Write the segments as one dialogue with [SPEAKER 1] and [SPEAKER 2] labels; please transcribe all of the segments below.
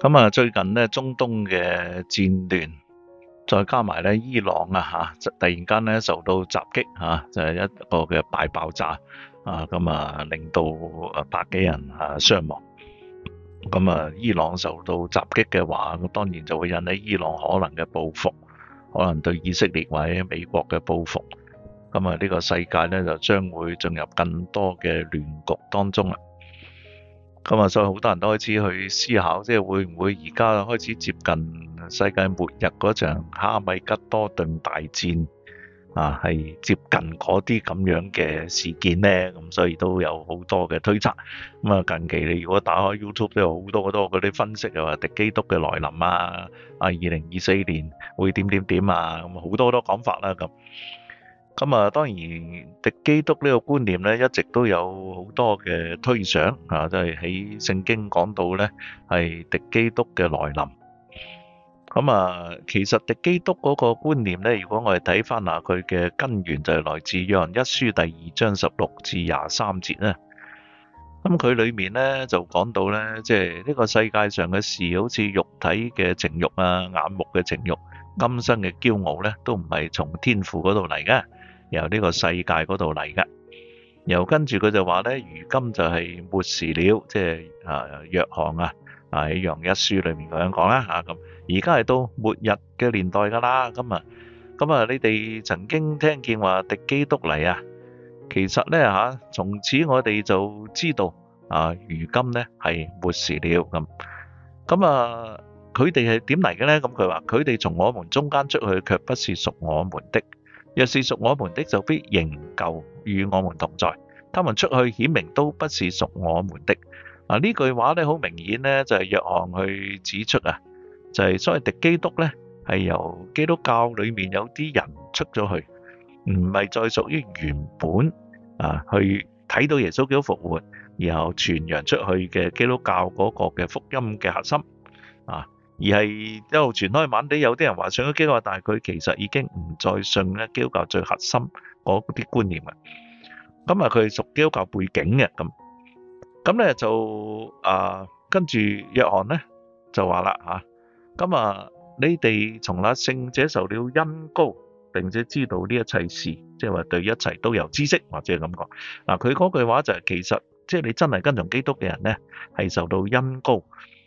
[SPEAKER 1] 咁啊，最近咧，中東嘅戰亂，再加埋咧，伊朗啊吓，突然間咧受到襲擊吓，就係一個嘅大爆炸啊，咁啊，令到百幾人啊傷亡。咁啊，伊朗受到襲擊嘅話，咁當然就會引起伊朗可能嘅報復，可能對以色列或者美國嘅報復。咁啊，呢個世界咧就將會進入更多嘅亂局當中啦。咁啊，所以好多人都開始去思考，即係會唔會而家開始接近世界末日嗰場哈米吉多頓大戰啊？係接近嗰啲咁樣嘅事件呢。咁所以都有好多嘅推測。咁啊，近期你如果打開 YouTube 都有好多好多嗰啲分析，又話敵基督嘅來臨啊，啊二零二四年會點點點啊，咁好多好多講法啦、啊、咁。咁啊，當然，敵基督呢個觀念咧，一直都有好多嘅推想，啊，即係喺聖經講到咧，係敵基督嘅來臨。咁啊，其實敵基督嗰個觀念咧，如果我哋睇返下佢嘅根源，就係來自約翰一書第二章十六至廿三節啦。咁佢裏面咧就講到咧，即係呢個世界上嘅事，好似肉體嘅情慾啊、眼目嘅情慾、今生嘅驕傲咧，都唔係從天父嗰度嚟嘅。由呢個世界嗰度嚟嘅，然後跟住佢就話咧，如今就係末時了，即係啊約翰啊啊喺《約壹書》裏面咁樣講啦嚇咁。而家係到末日嘅年代噶啦，咁啊咁啊，你哋曾經聽見話敵基督嚟啊，其實咧嚇，從此我哋就知道啊，如今咧係末時了咁。咁啊，佢哋係點嚟嘅咧？咁佢話佢哋從我們中間出去，卻不是屬我們的。若是屬我們的，就必仍舊與我們同在；他們出去，顯明都不是屬我們的。嗱，呢句話咧，好明顯咧，就係約翰去指出啊，就係所謂的敵基督咧係由基督教裏面有啲人出咗去，唔係再屬於原本啊，去睇到耶穌基督復活，然後傳揚出去嘅基督教嗰個嘅福音嘅核心啊。而係一路傳開晚地有啲人話上咗基督教，但係佢其實已經唔再信咧基督教最核心嗰啲觀念嘅。咁、嗯、啊，佢屬基督教背景嘅咁。咁咧、嗯、就啊，跟住約翰咧就話啦嚇。咁啊，你哋從那聖者受了恩膏，並且知道呢一切事，即係話對一切都有知識或者咁講。嗱、啊，佢嗰句話就係、是、其實即係你真係跟從基督嘅人咧，係受到恩膏。」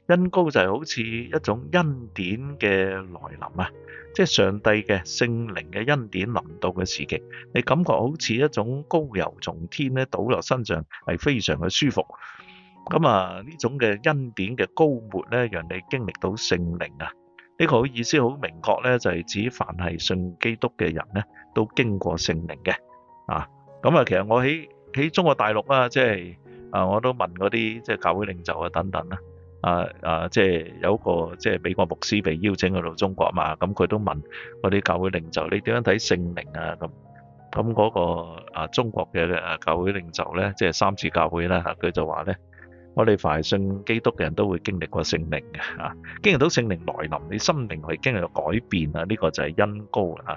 [SPEAKER 1] 恩膏就係好似一種恩典嘅來臨啊，即係上帝的聖靈的恩典臨到嘅時期，你感覺好似一種膏油從天呢倒落身上，係非常嘅舒服。啊啊，即、啊、係、就是、有個個即係美國牧師被邀請去到中國嘛，咁佢都問嗰啲教會領袖，你點樣睇聖靈啊？咁咁嗰個啊中國嘅教會領袖咧，即、就、係、是、三自教會呢。佢就話咧，我哋凡信基督嘅人都會經歷過聖靈嘅啊，經歷到聖靈來臨，你心靈會經歷改變啊，呢、這個就係恩膏。啊。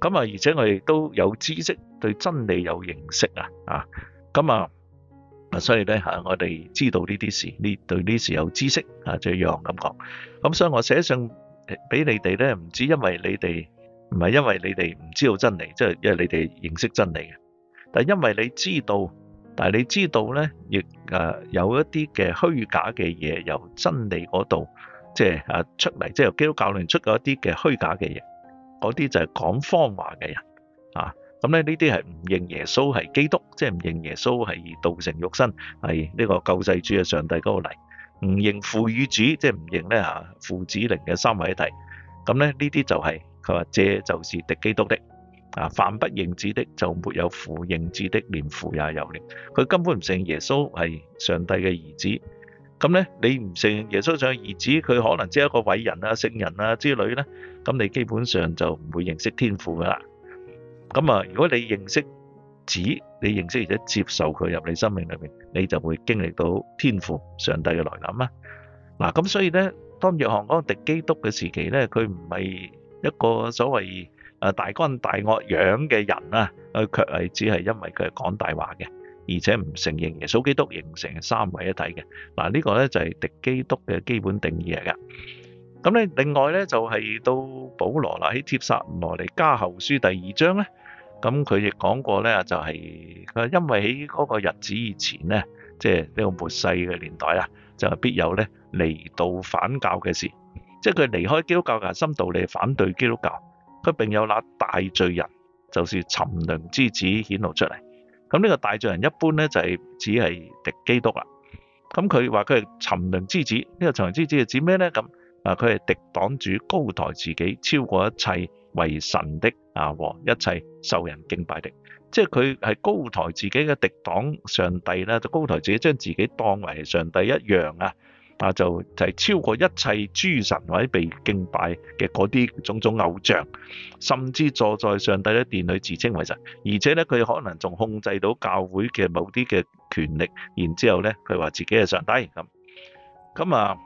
[SPEAKER 1] 咁啊，而且我哋都有知識，對真理有認識啊啊，咁啊。啊啊，所以咧我哋知道呢啲事，呢對呢事有知識啊，一樣咁講。咁所以我寫信俾你哋咧，唔止因為你哋唔係因為你哋唔知道真理，即係因為你哋認識真理嘅。但因為你知道，但你知道咧，亦有一啲嘅虛假嘅嘢由真理嗰度即係啊出嚟，即係由基督教論出嗰一啲嘅虛假嘅嘢，嗰啲就係講謊話嘅人啊。咁咧呢啲係唔認耶穌係基督，即係唔認耶穌係道成肉身，係呢個救世主嘅上帝嗰個嚟，唔認父與子，即係唔認咧啊父子靈嘅三位一體。咁咧呢啲就係佢話，這就是敵基督的，啊，凡不認子的就沒有父，認子的，連父也有。佢根本唔認耶穌係上帝嘅兒子。咁咧你唔認耶穌係兒子，佢可能只係一個偉人啊聖人啊之類咧，咁你基本上就唔會認識天父噶啦。咁啊，如果你認識子，你認識而且接受佢入你生命裏邊，你就會經歷到天父上帝嘅來臨啦。嗱，咁所以咧，當約翰講敵基督嘅時期咧，佢唔係一個所謂誒大奸大惡樣嘅人啊，佢卻係只係因為佢係講大話嘅，而且唔承認耶穌基督形成三位一體嘅。嗱，呢個咧就係敵基督嘅基本定義嚟噶。咁咧，另外咧就係到保羅啦，喺帖撒羅尼加後書第二章咧，咁佢亦講過咧就係，因為喺嗰個日子以前咧，即係呢個末世嘅年代啊，就必有咧離道反教嘅事。即係佢離開基督教嘅深度嚟反對基督教。佢並有那大罪人，就是沉淪之子顯露出嚟。咁呢個大罪人一般咧就係只係敵基督啦。咁佢話佢係沉淪之子，呢個沉淪之子係指咩咧？咁啊！佢係抵擋主，高抬自己，超過一切為神的啊和一切受人敬拜的，即係佢係高抬自己嘅抵擋上帝啦，就高抬自己，將自己當為上帝一樣啊！啊就就係超過一切諸神或者被敬拜嘅嗰啲種種偶像，甚至坐在上帝嘅殿裏自稱為神，而且咧佢可能仲控制到教會嘅某啲嘅權力，然之後咧佢話自己係上帝咁咁啊！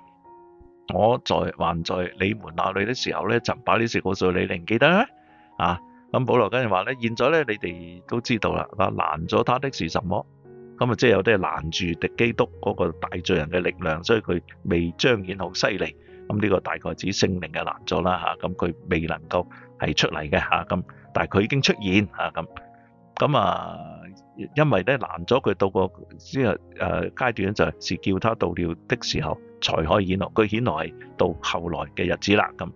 [SPEAKER 1] 我在還在你們那裏的時候咧，就把呢事告訴你，你唔記得啊？咁、嗯、保羅跟住話咧，現在咧你哋都知道啦，吓攔咗他的是什麼？咁、嗯、啊，即係有啲係攔住敵基督嗰個大罪人嘅力量，所以佢未彰顯好犀利。咁、嗯、呢、這個大概指聖靈嘅攔阻啦，吓咁佢未能夠係出嚟嘅吓咁，但係佢已經出現啊咁。嗯咁、嗯、啊，因為咧攔咗佢到個即係誒階段咧，就係是叫他到了的時候，才可以顯露。佢顯露係到後來嘅日子啦。咁，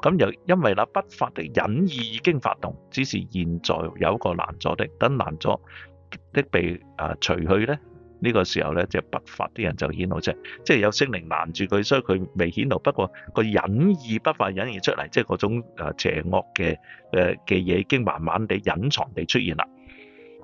[SPEAKER 1] 咁又因為嗱，不法的隱意已經發動，只是現在有一個攔阻的，等攔阻的被啊除去咧。呢、這個時候呢，就不法啲人就顯露出。即係有聖靈攔住佢，所以佢未顯露。不過佢隱而不發，隱而出嚟，即係嗰種邪惡嘅誒嘢，呃、已經慢慢地隱藏地出現了。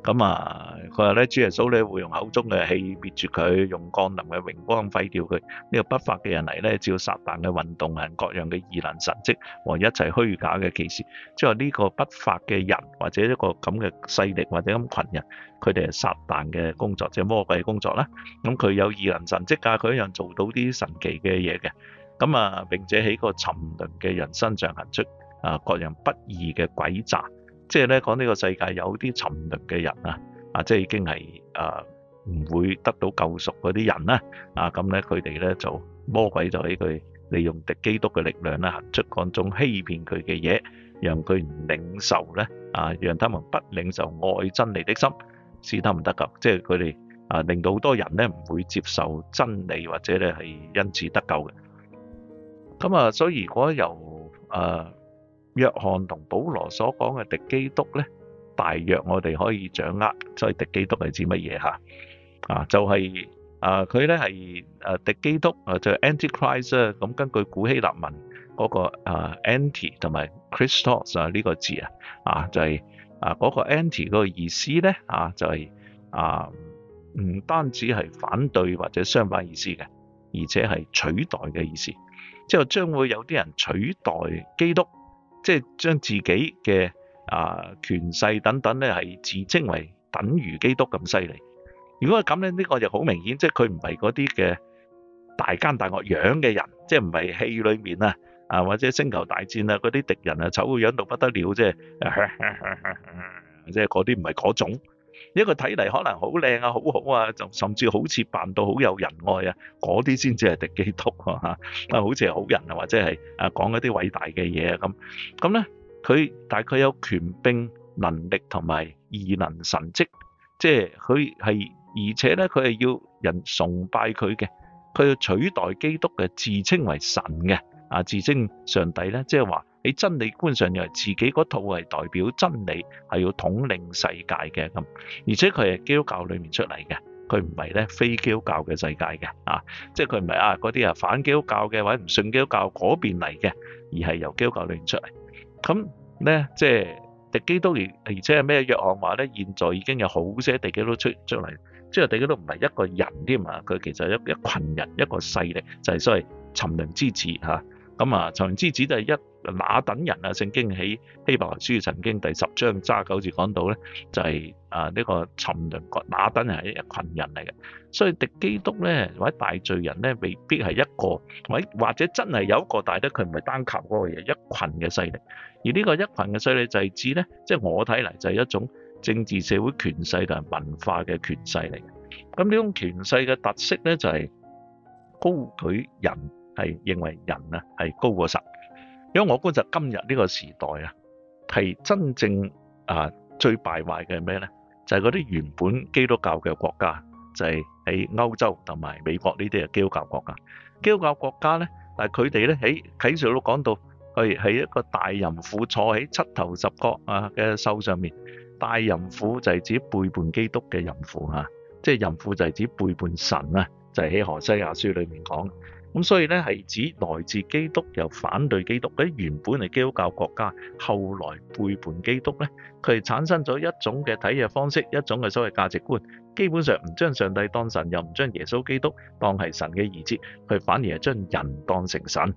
[SPEAKER 1] 咁啊，佢話咧，主耶穌咧會用口中嘅氣滅絕佢，用降臨嘅榮光廢掉佢。呢個不法嘅人嚟咧，照撒但嘅運動，係各樣嘅異能神蹟和一切虛假嘅奇事，即係呢個不法嘅人或者一個咁嘅勢力或者咁群人，佢哋係撒旦嘅工作，即係魔鬼嘅工作啦。咁佢有異能神蹟啊，佢一樣做到啲神奇嘅嘢嘅。咁啊，並且喺個沉淪嘅人身上行出啊各樣不義嘅詭詐。即係咧，講呢個世界有啲沉淪嘅人啊，啊，即係已經係誒唔會得到救贖嗰啲人啦，啊，咁咧佢哋咧就魔鬼就喺佢利用敵基督嘅力量啦，行出各種欺騙佢嘅嘢，讓佢唔領受咧，啊，讓他們不領受愛真理的心，試得唔得㗎？即係佢哋啊，令到好多人咧唔會接受真理，或者咧係因此得救嘅。咁啊，所以如果由誒，呃約翰同保羅所講嘅敵基督咧，大約我哋可以掌握。即係敵基督係指乜嘢吓，啊，就係、是、啊，佢咧係啊敵基督啊，就是、Antichrist 咁根據古希臘文嗰個啊 anti 同埋 Christos 啊呢個字啊，就是、啊就係啊嗰個 anti 嗰個意思咧啊就係、是、啊唔單止係反對或者相反意思嘅，而且係取代嘅意思，即、就、係、是、將會有啲人取代基督。即係將自己嘅啊權勢等等咧，係自稱為等於基督咁犀利。如果係咁咧，呢個就好明顯，即係佢唔係嗰啲嘅大奸大惡樣嘅人，即係唔係戲裏面啊啊或者星球大戰啊嗰啲敵人啊醜樣到不得了，啊啊啊啊啊啊啊、即係即係嗰啲唔係嗰種。一個睇嚟可能好靚啊，好好啊，就甚至好似扮到好有人愛啊，嗰啲先至係敵基督啊嚇！啊，好似係好人啊，或者係啊講一啲偉大嘅嘢啊咁。咁咧，佢大概有權柄能力同埋異能神蹟，即係佢係而且咧，佢係要人崇拜佢嘅，佢要取代基督嘅，自稱為神嘅啊，自稱上帝咧，即係話。喺真理觀上認為自己嗰套係代表真理，係要統領世界嘅咁。而且佢係基督教裏面出嚟嘅，佢唔係咧非基督教嘅世界嘅啊。即係佢唔係啊嗰啲啊反基督教嘅或者唔信基督教嗰邊嚟嘅，而係由基督教裏面出嚟。咁咧即係敵基督而而且係咩？約翰話咧，現在已經有好些敵基督出出嚟，即係敵基督唔係一個人添啊，佢其實一一群人一個勢力，就係、是、所謂沉淪之子嚇。啊咁、嗯、啊，沉淪之子就係一那等人啊！聖經喺希伯來書曾經第十章揸九字講到咧，就係、是、啊呢、這個沉淪嗰那等人係一群人嚟嘅，所以敵基督咧或者大罪人咧未必係一個，或者或者真係有一個，但係佢唔係單靠嗰個嘢，一群嘅勢力。而呢個一群嘅勢力係指咧，即、就、係、是就是、我睇嚟就係一種政治社會權勢同埋文化嘅權勢嚟嘅。咁呢種權勢嘅特色咧就係、是、高舉人。係認為人啊係高過神的，因為我覺得今日呢個時代啊，係真正啊最敗壞嘅係咩咧？就係嗰啲原本基督教嘅國家，就係喺歐洲同埋美國呢啲啊基督教國家。基督教國家咧，但係佢哋咧喺啟示錄講到，佢喺一個大淫婦坐喺七頭十角啊嘅獸上面。大淫婦就係指背叛基督嘅淫婦啊，即係淫婦就係指背叛神啊，就係喺何西阿書裏面講。咁所以咧係指來自基督又反對基督嗰啲原本係基督教國家，後來背叛基督咧，佢係產生咗一種嘅睇嘢方式，一種嘅所謂價值觀，基本上唔將上帝當神，又唔將耶穌基督當係神嘅兒子，佢反而係將人當成神。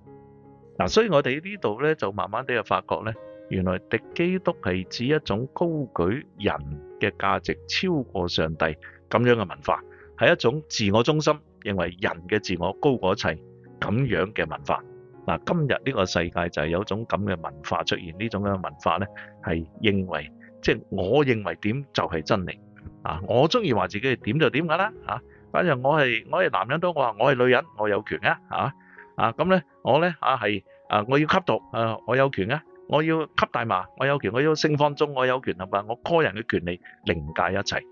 [SPEAKER 1] 嗱，所以我哋呢度咧就慢慢地就發覺咧，原來敵基督係指一種高舉人嘅價值超過上帝咁樣嘅文化，係一種自我中心，認為人嘅自我高過一切。咁樣嘅文化嗱，今日呢個世界就係有一種咁嘅文化出現，呢種嘅文化咧係認為，即係我認為點就係真理啊！我鍾意話自己係點就點㗎啦啊！反正我係我係男人都話我係女人，我有權啊！啊啊咁咧，我咧啊係啊，我要吸毒啊，我有權啊！我要吸大麻，我有權；我要性放縱，我有權，係咪？我個人嘅權利凌駕一切。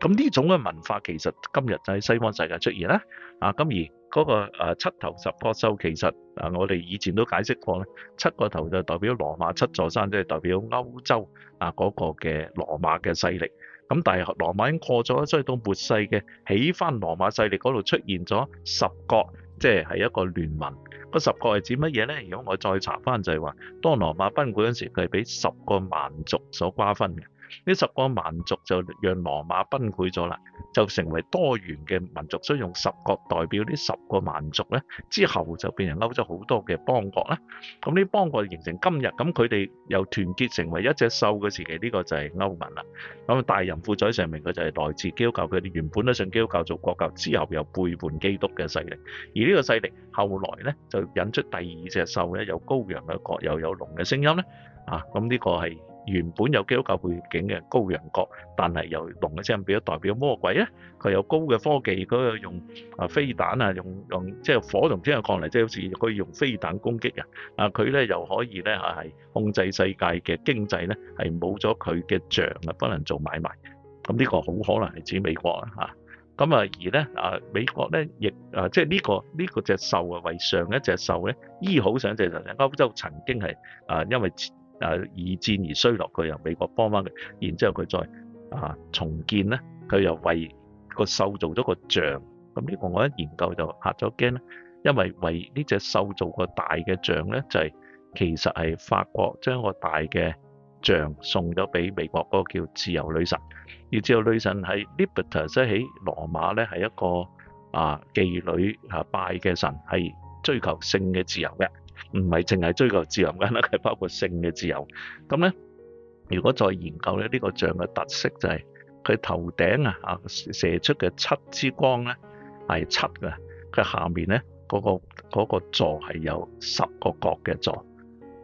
[SPEAKER 1] 咁呢種嘅文化其實今日就喺西方世界出現啦啊！咁而嗰個七頭十角獸其實我哋以前都解釋過咧，七個頭就代表羅馬七座山，即係代表歐洲啊嗰個嘅羅馬嘅勢力。咁但係羅馬已經過咗所以到末世嘅起翻羅馬勢力嗰度出現咗十國，即係係一個聯盟。個十國係指乜嘢咧？如果我再查翻就係話，當羅馬崩潰嗰陣時，佢係俾十個蠻族所瓜分嘅。呢十個蠻族就讓羅馬崩潰咗啦，就成為多元嘅民族，所以用十國代表呢十個蠻族咧。之後就變成歐洲好多嘅邦國啦。咁呢邦國形成今日，咁佢哋又團結成為一隻獸嘅時期，呢、這個就係歐盟啦。咁大淫婦在上面，佢就係來自基督教，教，佢哋原本都信基督教做國教，之後又背叛基督嘅勢力。而呢個勢力後來咧，就引出第二隻獸咧，有高揚嘅角又有龍嘅聲音咧。啊，咁呢個係。原本有基督教背景嘅羔羊角，但係又龍嘅聲音變咗代表魔鬼咧。佢有高嘅科技，嗰用啊飛彈啊，用用即係火從天降嚟，即係好似佢用飛彈攻擊人。啊，佢咧又可以咧係控制世界嘅經濟咧，係冇咗佢嘅像啊，不能做買賣。咁呢個好可能係指美國啦嚇。咁啊而咧啊美國咧亦啊即係呢、呢個呢、呢個隻獸啊為上一隻獸咧醫好上一隻獸。歐洲曾經係啊因為。啊！二戰而衰落，佢由美國幫翻佢，然之後佢再啊重建咧，佢又為個獸做咗個像。咁呢個我一研究就嚇咗驚咧，因為為呢隻獸做個大嘅像咧，就係、是、其實係法國將個大嘅像送咗俾美國嗰個叫自由女神。而自由女神係 Libertas 喺羅馬咧係一個啊妓女啊拜嘅神，係追求性嘅自由嘅。唔係淨係追求自由咁啦，係包括性嘅自由。咁咧，如果再研究咧，呢、這個像嘅特色就係、是、佢頭頂啊，射出嘅七支光咧係七嘅，佢下面咧嗰、那個嗰、那個、座係有十個角嘅座。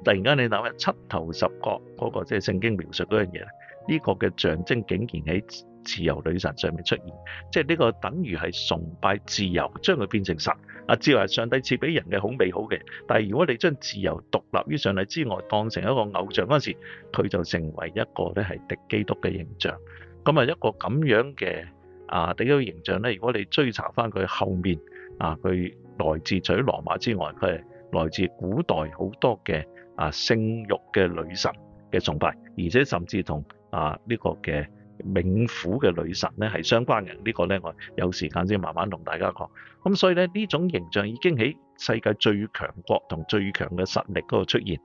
[SPEAKER 1] 突然間你諗下，七頭十角嗰、那個，即係聖經描述嗰樣嘢，呢、這個嘅象徵竟然喺自由女神上面出現，即係呢個等於係崇拜自由，將佢變成神。啊，自由係上帝賜俾人嘅好美好嘅，但係如果你將自由獨立於上帝之外，當成一個偶像嗰陣時候，佢就成為一個咧係敵基督嘅形象。咁啊，一個咁樣嘅啊，敵基督形象咧？如果你追查翻佢後面啊，佢來自除咗羅馬之外，佢係來自古代好多嘅啊性欲嘅女神嘅崇拜，而且甚至同啊呢個嘅。冥府嘅女神咧，係相關人呢，呢個咧我有時間先慢慢同大家講。咁所以咧呢種形象已經喺世界最強國同最強嘅實力嗰度出現。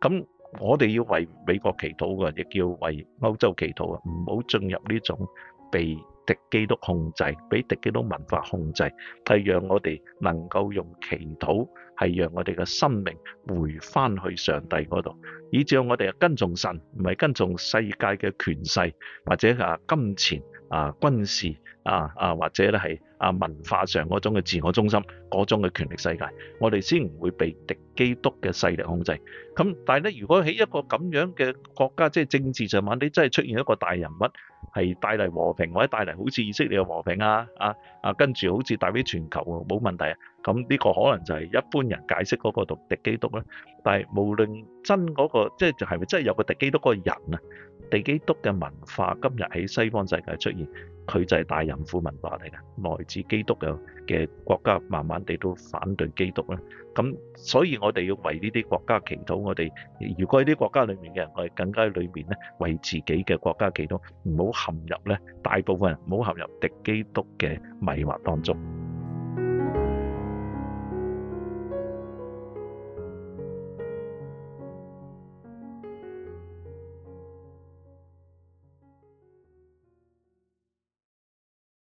[SPEAKER 1] 咁我哋要為美國祈禱，嘅，亦要為歐洲祈禱，啊！唔好進入呢種被敵基督控制，俾敵基督文化控制，係讓我哋能夠用祈禱，係讓我哋嘅生命回翻去上帝嗰度，以至我哋係跟從神，唔係跟從世界嘅權勢，或者啊金錢啊軍事啊啊或者咧係啊文化上嗰種嘅自我中心嗰種嘅權力世界，我哋先唔會被敵基督嘅勢力控制。咁但係咧，如果喺一個咁樣嘅國家，即係政治上，你真係出現一個大人物，係帶嚟和平，或者帶嚟好似以色列嘅和平啊啊啊，跟住好似帶俾全球冇問題。咁呢個可能就係一般人解釋嗰個敵基督啦，但係無論真嗰個，即係就係咪真係有個敵基督個人啊？敵基督嘅文化今日喺西方世界出現，佢就係大淫婦文化嚟嘅，來自基督嘅嘅國家，慢慢地都反對基督啦。咁所以我哋要為呢啲國家祈禱，我哋如果喺啲國家裡面嘅人，我哋更加裏面咧為自己嘅國家祈禱，唔好陷入咧大部分人唔好陷入敵基督嘅迷惑當中。